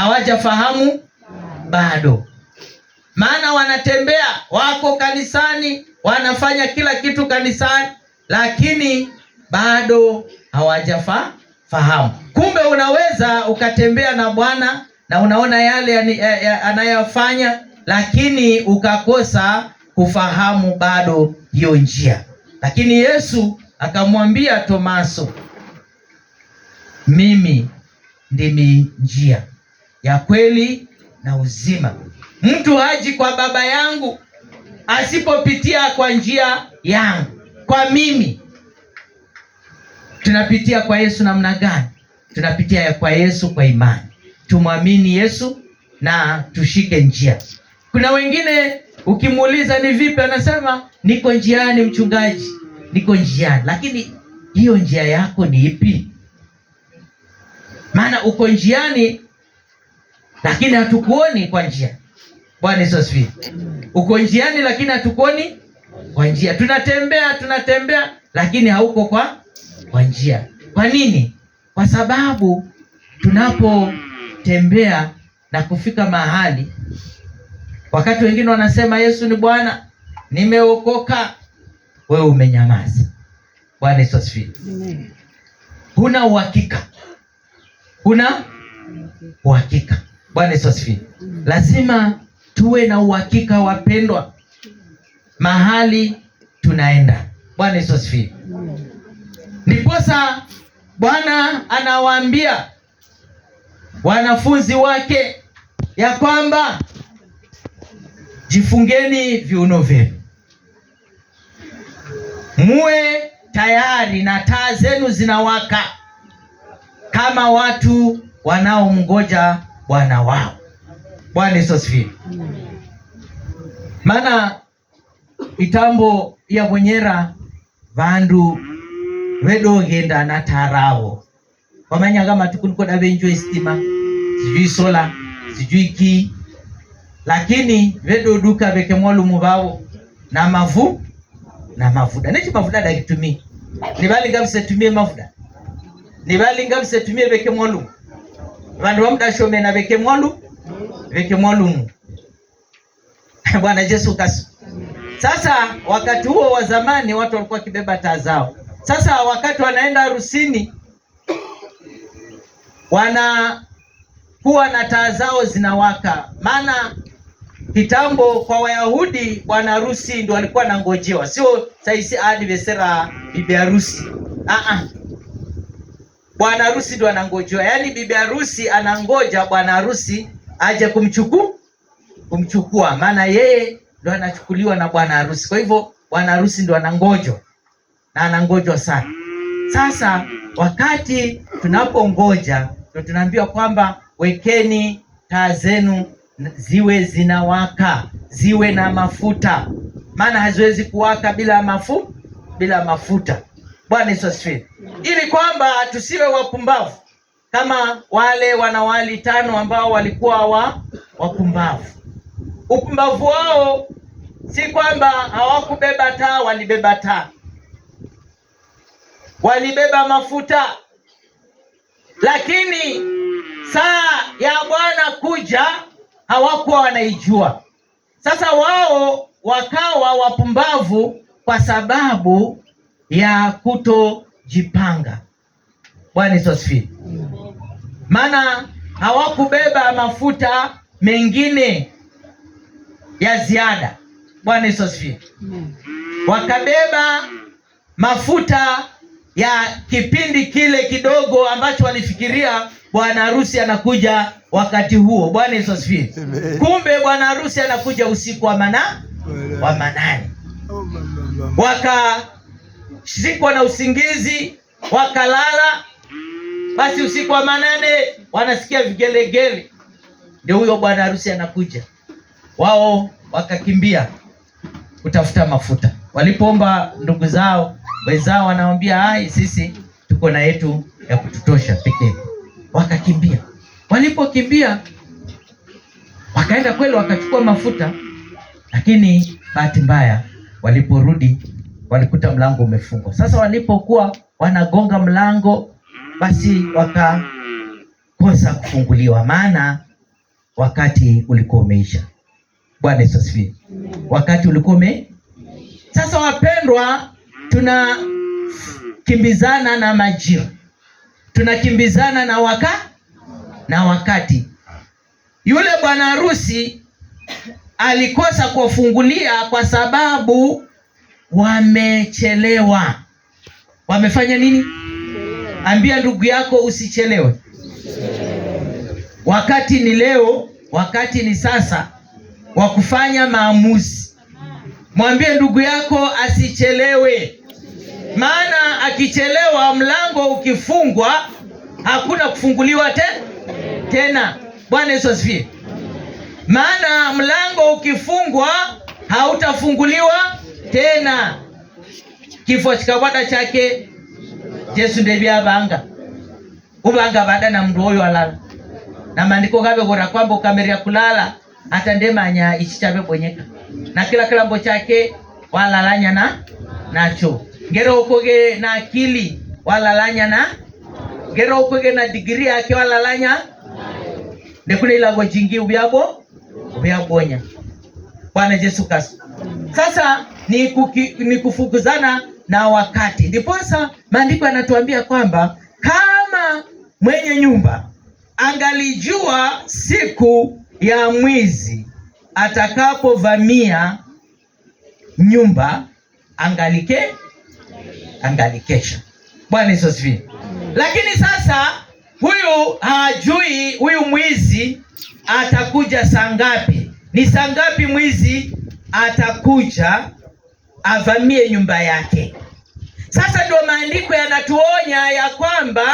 hawajafahamu bado, maana wanatembea, wako kanisani, wanafanya kila kitu kanisani, lakini bado hawajafahamu. Kumbe unaweza ukatembea na Bwana na unaona yale anayofanya, lakini ukakosa kufahamu bado hiyo njia. Lakini Yesu akamwambia Tomaso, mimi ndimi njia ya kweli na uzima. Mtu haji kwa Baba yangu asipopitia kwa njia yangu, kwa mimi. Tunapitia kwa Yesu namna gani? Tunapitia kwa Yesu kwa imani. Tumwamini Yesu na tushike njia. Kuna wengine ukimuuliza ni vipi, anasema niko njiani mchungaji, niko njiani. Lakini hiyo njia yako ni ipi? Maana uko njiani lakini hatukuoni kwa njia. Bwana Yesu asifiwe. Uko njiani lakini hatukuoni kwa njia, tunatembea tunatembea, lakini hauko kwa kwa njia. Kwa nini? Kwa sababu tunapotembea na kufika mahali, wakati wengine wanasema Yesu ni Bwana, nimeokoka, wewe umenyamaza. Bwana Yesu asifiwe. Huna uhakika, huna uhakika Bwana Yesu asifiwe. Lazima tuwe na uhakika wapendwa, mahali tunaenda. Bwana Yesu asifiwe. Ndiposa Bwana anawaambia wanafunzi wake ya kwamba jifungeni viuno vyenu, muwe tayari na taa zenu zinawaka, kama watu wanaomngoja wana wao. Bwana Yesu asifiwe. Maana ya yavonyera vandu vedoghenda na taravo kwamanyaga matuku nikodavenjwa estima sijui sola sijui kii, lakini vedoduka veke mwalumu vao na mavu na mavuda nechi mavuda dakitumia nivalinga msetumie mavuda nivalinga msetumie veke mwalumu vandu na veke mwalu veke mwalumu Bwana Yesu kasu Sasa wakati huo wa zamani watu walikuwa wakibeba taa zao. Sasa wakati wanaenda harusini wanakuwa na taa zao zinawaka, maana kitambo kwa Wayahudi bwana harusi ndo walikuwa ngojewa sio saisi hadi vesera bibi harusi. Ah, ah bwana harusi ndo anangojewa, yaani bibi harusi anangoja bwana harusi aje kumchuku kumchukua, maana yeye ndo anachukuliwa na bwana harusi. Kwa hivyo bwana harusi ndo anangojwa na anangojwa sana. Sasa wakati tunapongoja ndo tunaambiwa kwamba wekeni taa zenu ziwe zinawaka, ziwe na mafuta, maana haziwezi kuwaka bila mafu bila mafuta. Bwana Yesu asifiwe. Ili kwamba tusiwe wapumbavu kama wale wanawali tano ambao walikuwa wa wapumbavu. Upumbavu wao si kwamba hawakubeba taa, walibeba taa, walibeba mafuta, lakini saa ya Bwana kuja hawakuwa wanaijua. Sasa wao wakawa wapumbavu kwa sababu ya kutojipanga. Bwana Yesu asifiwe. Maana hawakubeba mafuta mengine ya ziada. Bwana Yesu asifiwe. Wakabeba mafuta ya kipindi kile kidogo ambacho walifikiria bwana harusi anakuja wakati huo. Bwana Yesu asifiwe. Kumbe bwana harusi anakuja usiku wa manane wa manane oh, waka sikuwa na usingizi, wakalala. Basi usiku wa manane wanasikia vigelegele, ndio huyo bwana harusi anakuja. Wao wakakimbia kutafuta mafuta. Walipoomba ndugu zao, wenzao wanawambia, ai, sisi tuko na yetu ya kututosha pekee. Wakakimbia. Walipokimbia wakaenda kweli, wakachukua mafuta, lakini bahati mbaya waliporudi walikuta mlango umefungwa. Sasa walipokuwa wanagonga mlango, basi wakakosa kufunguliwa, maana wakati ulikuwa umeisha. Bwana Yesu asifiwe. Wakati ulikuwa ume. Sasa wapendwa, tunakimbizana na majira, tunakimbizana na waka na wakati. Yule bwana harusi alikosa kuwafungulia kwa sababu wamechelewa. Wamefanya nini? Ambia ndugu yako usichelewe. Wakati ni leo, wakati ni sasa wa kufanya maamuzi. Mwambie ndugu yako asichelewe, maana akichelewa, mlango ukifungwa hakuna kufunguliwa te tena. Bwana Yesu asifiwe. Maana mlango ukifungwa hautafunguliwa tena kifo chikawada chake Yesu nde byabanga ubanga bada na mndu oyo alala na maandiko gaveghora kwamba ukameria kulala hata ndemanya ichi chavebonyeka na kila kilambo chake walalanya na nacho ngero ukoge na akili walalanya na ngero ukoge na digiri yake walalanya ndekuna ilago jingi uvyabo ubyabonya Bwana Yesu Kristo. Sasa ni, kuki, ni kufukuzana na wakati. Ndiposa maandiko yanatuambia kwamba kama mwenye nyumba angalijua siku ya mwizi atakapovamia nyumba angalike angalikesha. Bwana Yesu asifiwe. Lakini sasa huyu hajui huyu mwizi atakuja saa ngapi ni saa ngapi mwizi atakuja avamie nyumba yake? Sasa ndio maandiko yanatuonya ya kwamba,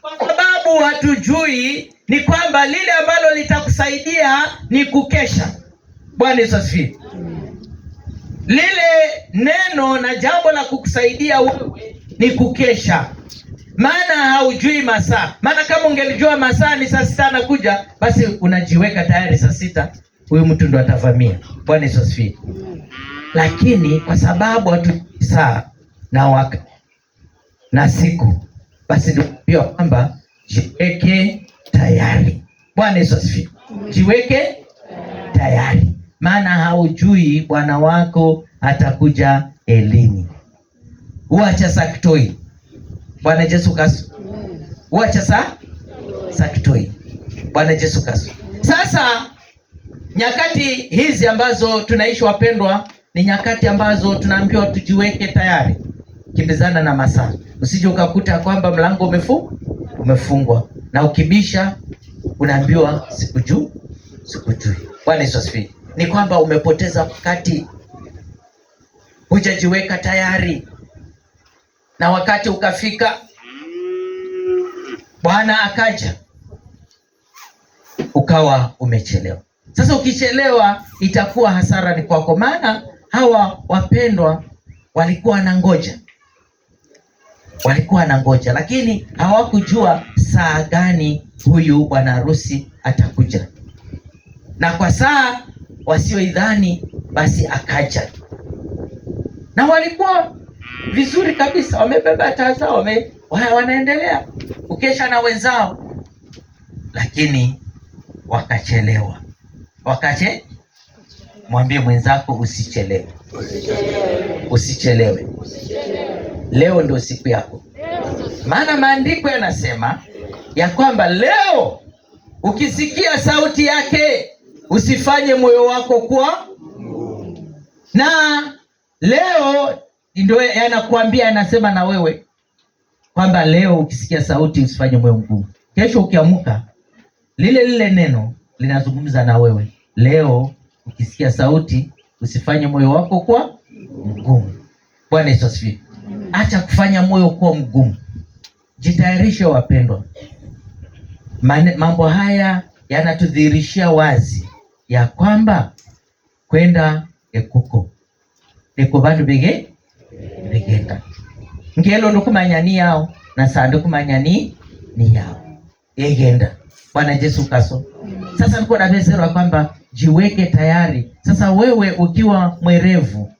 kwa sababu hatujui, ni kwamba lile ambalo litakusaidia ni kukesha. Bwana Yesu asifiwe. Lile neno na jambo la kukusaidia wewe ni kukesha, maana haujui masaa. Maana kama ungelijua masaa ni saa sita anakuja, basi unajiweka tayari saa sita huyu mtu ndo atavamia. Bwana Yesu asifiwe. Lakini kwa sababu watu saa na waka na siku, basi ndio kwamba jiweke tayari. Bwana Yesu asifiwe. Jiweke tayari, maana haujui bwana wako atakuja elini. Uacha saktoi. Bwana Yesu kasu. Uacha sa saktoi. Bwana Yesu kasu. Sasa Nyakati hizi ambazo tunaishi wapendwa, ni nyakati ambazo tunaambiwa tujiweke tayari, kimbizana na masaa, usije ukakuta kwamba mlango umefu umefungwa na ukibisha unaambiwa sikujui, sikujui. Bwana Yesu asifiwe. Ni kwamba umepoteza wakati, hujajiweka tayari, na wakati ukafika, Bwana akaja, ukawa umechelewa. Sasa ukichelewa itakuwa hasara ni kwako, maana hawa wapendwa walikuwa na ngoja, walikuwa na ngoja, lakini hawakujua saa gani huyu bwana harusi atakuja, na kwa saa wasioidhani basi akaja, na walikuwa vizuri kabisa, wamebeba taa zao, wame, wanaendelea kukesha na wenzao, lakini wakachelewa. Wakache, mwambie mwenzako usichelewe, usichelewe, Leo ndio siku yako, maana maandiko yanasema ya kwamba leo ukisikia sauti yake usifanye moyo wako kuwa na leo ndio yanakuambia, anasema na wewe kwamba leo ukisikia sauti usifanye moyo mgumu. Kesho ukiamka, lile lile neno linazungumza na wewe Leo ukisikia sauti usifanye moyo wako kuwa mgumu. Bwana Yesu asifiwe. Acha kufanya moyo kuwa mgumu, jitayarishe wapendwa. Mambo haya yanatudhihirishia wazi ya kwamba kwenda ekuko niko vandu vige vigenda ngelo ndikumanya ni yao na sandikumanya ni ni yao yegenda Bwana Yesu kaso sasa niko na ya kwamba jiweke tayari. Sasa wewe ukiwa mwerevu,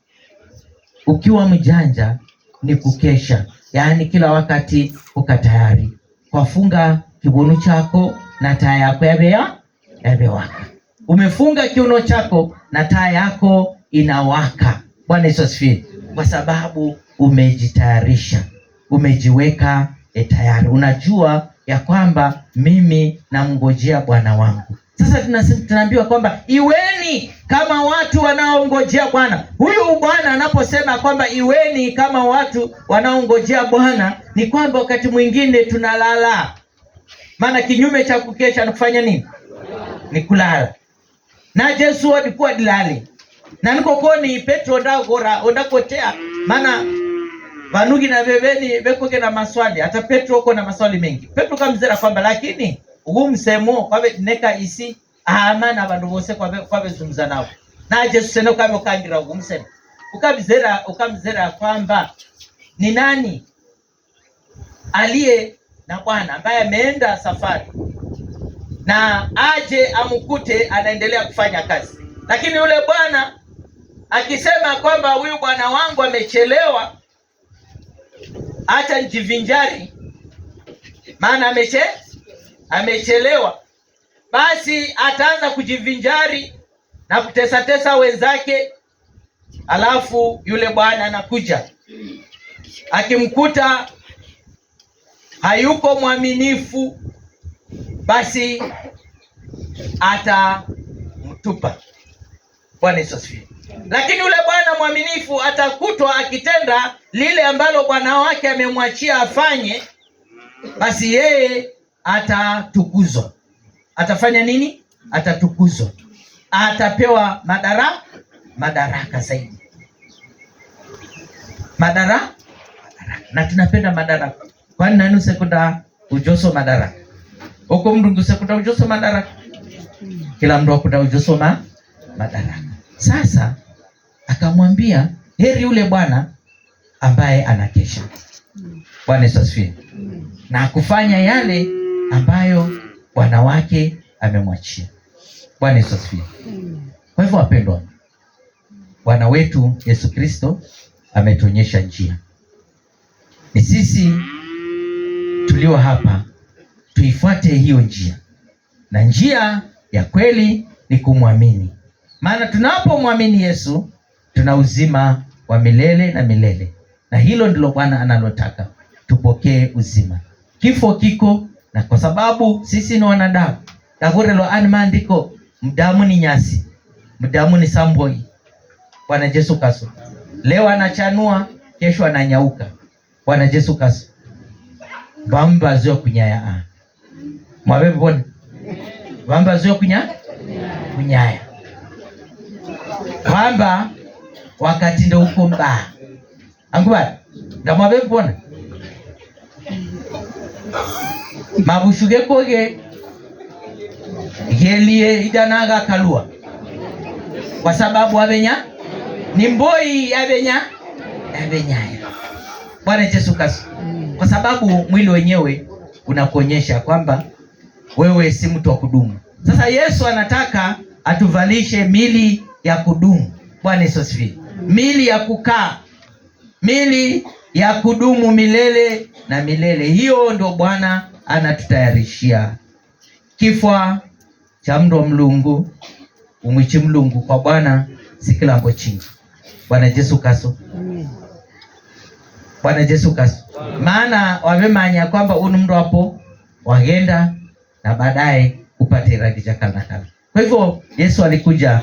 ukiwa mjanja ni kukesha, yaani kila wakati uka tayari kwafunga kibunu chako na taa yako yabeya yabewaka. Umefunga kiuno chako na taa yako inawaka. Bwana Yesu asifiwe, kwa sababu umejitayarisha, umejiweka e, tayari, unajua ya kwamba mimi namngojea Bwana wangu. Sasa tunaambiwa kwamba iweni kama watu wanaongojea Bwana. Huyu Bwana anaposema kwamba iweni kama watu wanaongojea Bwana, ni kwamba wakati mwingine tunalala, maana kinyume cha kukesha ni kufanya nini? Ni kulala. na Yesu alikuwa dilali na niko koni Petro ndagora ondakotea maana vanugi na veveni vekoke na maswali hata Petro uko na maswali mengi. Petro kamzera kwamba lakini gumsemo kwabe neka isi ahamana abantu bose kwabe kwabezumza nabo naje susene kwabe ukangira gumsemo ukabizera ukamzera kwamba ni nani aliye na Bwana ambaye ameenda safari na aje amukute anaendelea kufanya kazi, lakini yule bwana akisema kwamba huyu bwana wangu amechelewa, acha njivinjari, maana ameche amechelewa, basi ataanza kujivinjari na kutesatesa wenzake. Alafu yule bwana anakuja akimkuta hayuko mwaminifu, basi atamtupa. Bwana Yesu asifiwe. Lakini yule bwana mwaminifu atakutwa akitenda lile ambalo bwana wake amemwachia afanye, basi yeye atatukuzwa. Atafanya nini? Atatukuzwa, atapewa madara madaraka zaidi, madara madaraka. Na tunapenda madaraka, kwani nani usekunda ujoso madaraka huko mrungu ngusekunda ujoso madaraka, kila mndu akunda ujoso ma madaraka. Sasa akamwambia heri yule bwana ambaye anakesha. Bwana Yesu asifiwe, na kufanya yale ambayo bwana wake amemwachia. Bwana Yesu asifiwe. Kwa hivyo, wapendwa, Bwana wetu Yesu Kristo ametuonyesha njia. Ni sisi tulio hapa tuifuate hiyo njia, na njia ya kweli ni kumwamini, maana tunapomwamini Yesu tuna uzima wa milele na milele, na hilo ndilo Bwana analotaka tupokee uzima. Kifo kiko na kwa sababu sisi ni wanadamu davurelo ani maandiko mdamu ni nyasi mdamu ni samboi Bwana Yesu kaso leo anachanua kesho ananyauka Bwana Yesu bamba zio kunyaya mwavevivona vambaziwa kunya kunyaya kwamba wakati ndouko mbaa anguva bwana mabushu gekoge gelie idanaga kalua kwa sababu abenya ni mboi abenya abenyaya Bwana Yesu Kristo, kwa sababu mwili wenyewe unakuonyesha kwamba wewe si mtu wa kudumu. Sasa Yesu anataka atuvalishe mili ya kudumu. Bwana Yesu Mili ya kukaa, mili ya kudumu milele na milele. Hiyo ndio Bwana anatutayarishia kifwa cha mndu wa mlungu umwichi mlungu kwa Bwana si chingi. Bwana Yesu kaso, Bwana Yesu kaso, maana wamemanya kwamba unu mndu hapo wagenda na baadaye upate rangi ja kana kana. Kwa hivyo Yesu alikuja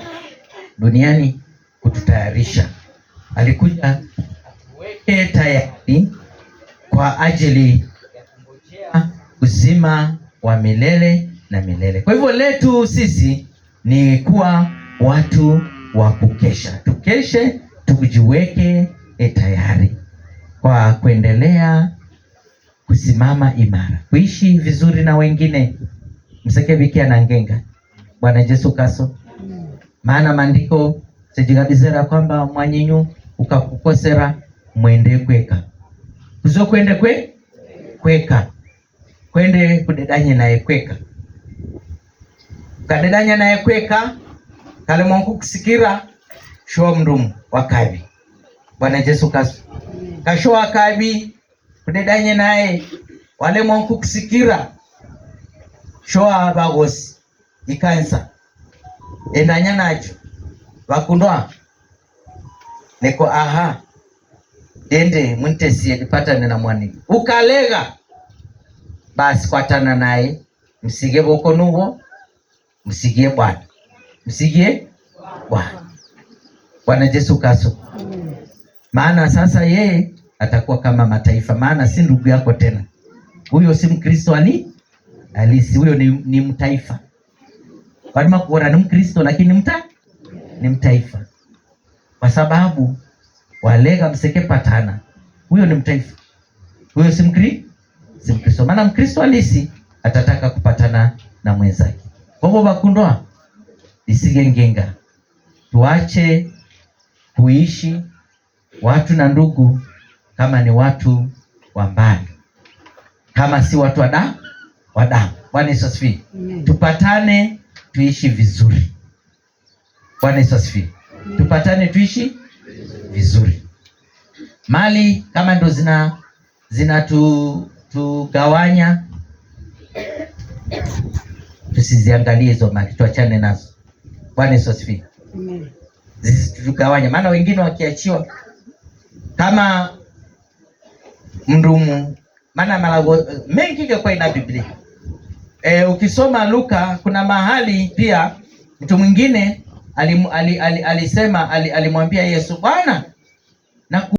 duniani kututayarisha, alikuja tuwe tayari kwa ajili ya uzima wa milele na milele. Kwa hivyo letu sisi ni kuwa watu wa kukesha, tukeshe, tujiweke e, tayari kwa kuendelea kusimama imara, kuishi vizuri na wengine. msekebikia na ngenga Bwana Yesu kaso, maana maandiko sejigabizera kwamba mwanyinyu ukakukosera mwende kweka kuzo kwende kwe kweka kwende kudedanye naye kweka kadedanya naye kweka kale mwangu kusikira sho mndumu wakabi Bwana jesu kasu kasho wakabi kudedanye naye wale mwanku kusikira sho bagosi ikansa endanya nacho vakundwa neko aha dende mtesie nipatane na mwaniki ukalega basi kwatana naye msige boko nubo msigie bwana msigie bwana Bwana jesu kaso maana sasa yeye atakuwa kama mataifa, maana si ndugu yako tena. Huyo si Mkristo ani alisi huyo ni, ni mtaifa. Wanima kuona ni Mkristo lakini mta ni mtaifa kwa sababu walega mseke patana. Huyo ni mtaifa, huyo si mkri si Mkristo, maana Mkristo alisi atataka kupatana na mwenzake. Kwa hivyo bakundwa, isigengenga, tuache kuishi watu na ndugu kama ni watu wa mbali, kama si watu wa damu wa damu. Bwana Yesu asifiwe. Tupatane tuishi vizuri. Bwana Yesu asifiwe. Tupatane tuishi vizuri. Mali kama ndo zina zinatugawanya tu, tusiziangalie hizo mali, tuachane nazo. Bwana Yesu asifiwe. Zisitugawanya, maana wengine wakiachiwa kama mdumu, maana malago mengi ingekuwa ina Biblia. E, ukisoma Luka kuna mahali pia mtu mwingine alisema alimwambia Yesu Bwana na